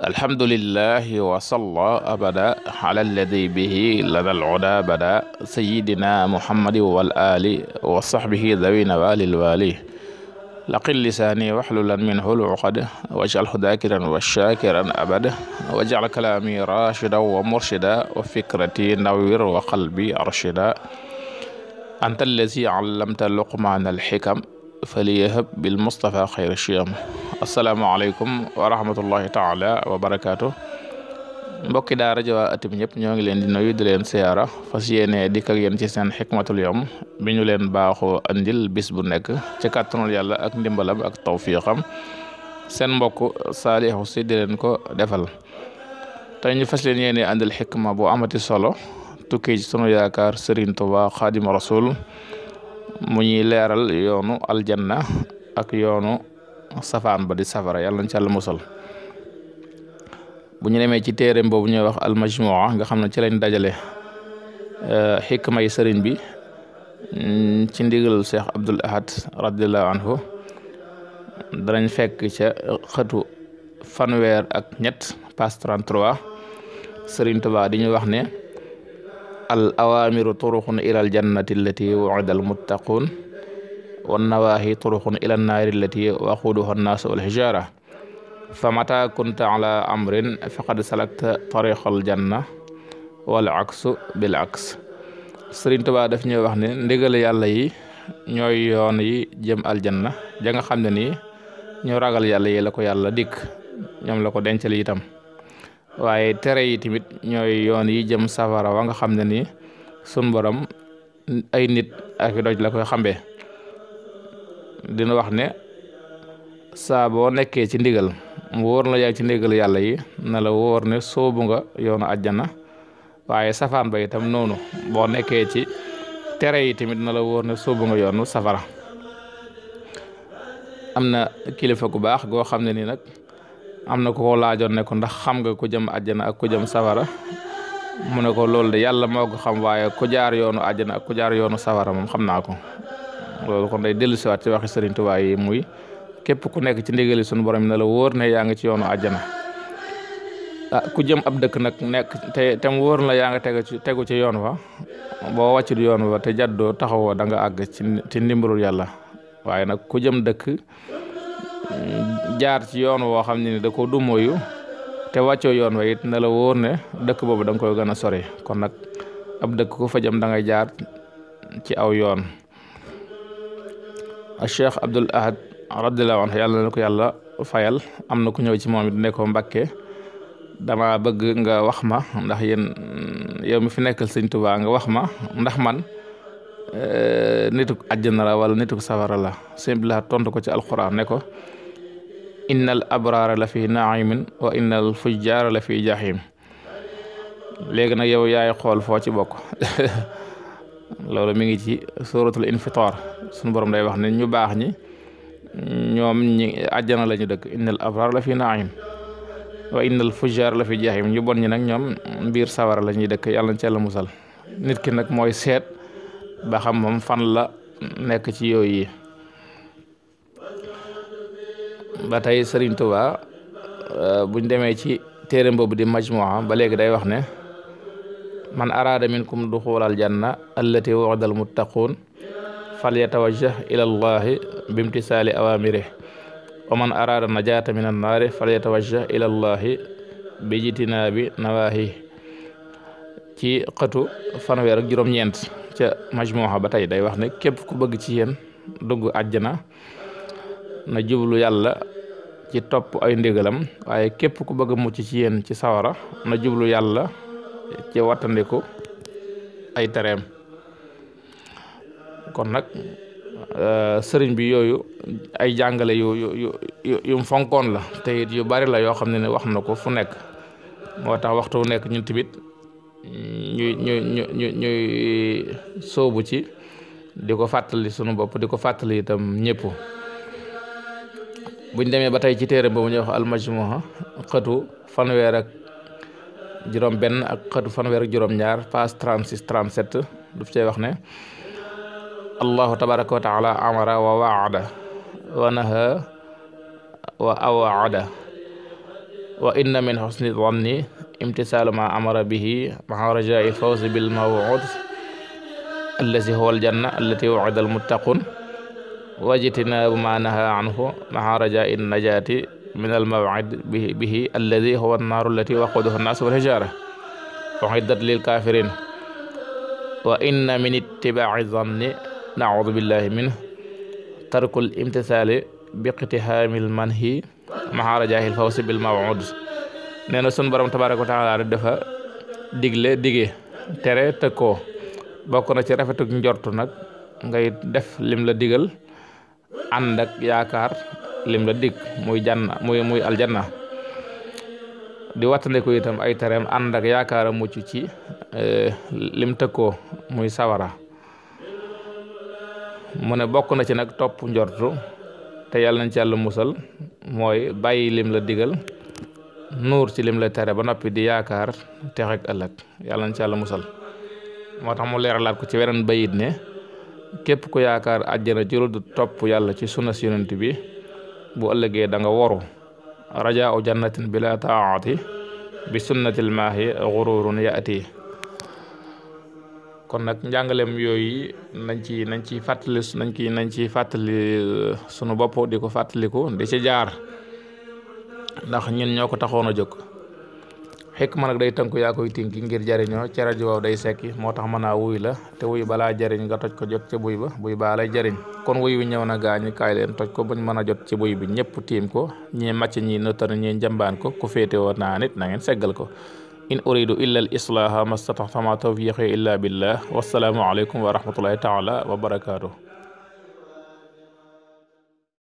alhamdulillahi wa salla abada ala alladi bihi lana alhuda bada sayidina muhammadi wal ali wa sahbihi dawina walil wali laqil lisaani waxlulan minhu luqad wajal hudakiran wa shakiran abada wajal kalaami rashida wa murshida wa fikrati nawir wa qalbi arshida anta allazi allamta luqmaana alxikam faliyahab bilmustafa xayra shiyam asalaamaaleykum wa rahmatullahi taala wa barakaatu mbokki daara jawaa atim ñëpp ñoo ngi leen di nuyu di leen siyaara fas yéene dikk ak yéen ci seen xikmatul yawm bi leen baaxoo andil bis bu nekk ci kàttanul yàlla ak ndimbalam ak tawfiqam seen mbokk saalihu si leen ko defal tey fas leen yéene andil xikma bu amati solo tukkee ci sunu yaakaar Serigne Touba Xaadimu Rasul mu ñuy leeral yoonu aljanna ak yoonu safaan ba di safara yàlla nañ ci yàlla bu ñu demee ci téereem boobu ñuy wax almajmua nga xam ne ci lañ dajale euh, xikma sëriñ bi mm, ci ndigal cheikh abdul ahad radiallahu anhu danañ fekk ca xëtu fanweer ak ñett page 33 sëriñ Tuubaa di ñu wax ne al awamiru turuqun ila al jannati allati wuida al muttaquun wannawaahi turuqun ila nnaari allati waquduha annaasu walxijaara fa mata kunta ala amrin faqad salakta tariqal janna wal aksu bil aks Sëriñ Tuubaa daf ñuy wax ne ndigal yàlla yi ñooy yoon yi jëm aljanna ja nga xam ne nii ñu ragal yàlla yi la ko yàlla dikk ñoom la ko dencal itam waaye tere yi tamit ñooy yoon yi jëm safara wa nga xam ne nii sun borom ay nit ak doj la koy xambee dina wax ne saa boo nekkee ci ndigal mu wóor la yaa ci ndigal yàlla yi na la wóor ne soobu nga yoonu àjjana waaye safaan ba itam noonu boo nekkee ci tere yi tamit na la wóor ne soobu nga yoonu safara am na kilifa ku baax goo xam ne nii nag am na ku ko laajoon ne ndax xam nga ku jëm àjjana ak ku jëm safara mu ne ko loolu de yàlla moo xam waaye ku jaar yoonu àjjana ak ku jaar yoonu safara moom xam naa ko loolu kon day dellu siwaat ci waxi Sëriñ Tuubaa muy képp ku nekk ci ndigali sunu borom na la wóor ne yaa ngi ci yoonu àjjana ah, ku jëm ab dëkk nag nekk te te mu yaa nga tegu ci tegu ci yoon wa boo wàccut yoon wa te jàddoo taxawoo da nga àgg ci ci ndimbalul yàlla waaye nag ku jëm dëkk jaar ci yoon woo xam ne ni da koo dumóoyu te wàccoo yoon wa it na la wóor ne dëkk boobu danga nga koy gën a sori kon nag ab dëkk ko fa jëm da jaar ci aw yoon cheikh abdul ahad radiallahu anhu yàlla na ko yàlla fayal am na ku ñëw ci moom it ne ko dama bëgg nga wax ma ndax yéen yow mi fi nekkal sëñ tubaa nga wax ma ndax man eh, nituk àjjana wala nituk safara la sëñ bi tontu ko ci alquran ne ko innal abraara la fi naimin wa innal fujjaara la fi jahim léegi nag yow yaay xool foo ci bokk loolu mi ngi ci suratul infitar suñu borom day wax ne ñu baax ñi ñoom ñi àjjana la ñu dëkk innal abrar la fi naim wa innal fujjar la fi jahim ñu bon ñi nag ñoom mbiir sawara la ñuy dëkk yàlla na ci yàlla musal nit ki nag mooy seet ba xam moom fan la nekk ci yooyu yi ba tey Sëriñ Tuubaa euh, buñ demee ci téere boobu di majmua ba léegi day wax ne man araada minkum duxuula aljanna allati wa'ada almuttaquun falyatawajjah ila allahi bimtisaali awamirih wa man araada najaata min annaari falyatawajjah ila allahi bijitinaabi nawaahi ci xëtu fanweer ak ñeent ca majmuha ba tey day wax ne képp ku bëgg ci yéen dugg àjjana na jublu yàlla ci topp ay ndigalam waaye képp ku bëgg mucc ci yen ci sawara na jublu yàlla ci wattandiku ay tereem kon nag euh, sëriñ bi yooyu ay jàngale yu yu yu yu mu fonkoon la te yu bari la yoo xam ne ne wax na ko fu nekk moo tax waxtu nekk ñun tamit ñuy ñuy soobu ci di ko fàttali sunu bopp di ko fàttali itam ñëpp buñ demee ba tey ci téere boobu ñuy wax almajmuha xëtu fanweer ak juróom benn ak xëtu fanweer ak juróom ñaar page 36 37 daf cay wax ne allahu tabaraka wa taala amara wa waada wa naha wa awaada wa inna min xusni danni imtisaalu ma amara bihi maa rajai fawzi bil mawud allazi huwa aljanna allati wucida almuttaqun wajtinaabu ma naha anhu maa rajai najaati min al mawid bihi alladi huwa annaaru allati waquduha annaas wal hijaara uiddat lil kaafiriin wa inna min min tarkul imtisaali bi iqtihaamil manhi maxa na sun digle dige tere tëkkoo bokk na ci rafetuk njortu nag ngay def lim digal ànd ak lim la dig muy janna muy muy aljanna di wattandiku itam ay tereem ànd ak yaakaara mucc ci eh, lim tëkkoo muy sawara mu ne bokk na ci nag topp njortu te yàlla nañ ci yàlla musal mooy bàyyi lim la digal nuur ci lim la tere ba noppi di yaakaar texe ak ëllëg yàlla nañ ci yàlla musal moo tax mu leeralaat ko ci weneen bayit ne képp ku yaakaar àjjana ci lu topp yàlla ci suna si bi bu ëllëgee danga nga woru rajaa u jannatin bila taati bi sunnatil maahi xururun yaati kon nag njàngalem yooyu nañ ci nañ ci fàttali nañ ci nañ ci fàttali sunu bopp di ko fàttaliku di ci jaar ndax ñun ñoo ko taxoon a jóg xekk ma nag day tënku yaa koy tinki ngir jariñoo ca rajo waaw day sekki moo tax mën naa wuy la te wuy bala jariñ nga toj ko jot ca buy ba buy baa jariñ kon wuy wi ñëw na gaañi kaay leen toj ko buñ mën a jot ci buy bi ñëpp tiim ko ñii màcc ñii nëttan ñii njambaan ko ko féete woon naa nit na ngeen seggal ko in uridu illa al islaaha mastataxtama tawfiqi illa billah wasalaamu aleykum wa rahmatullahi taala wa barakaatu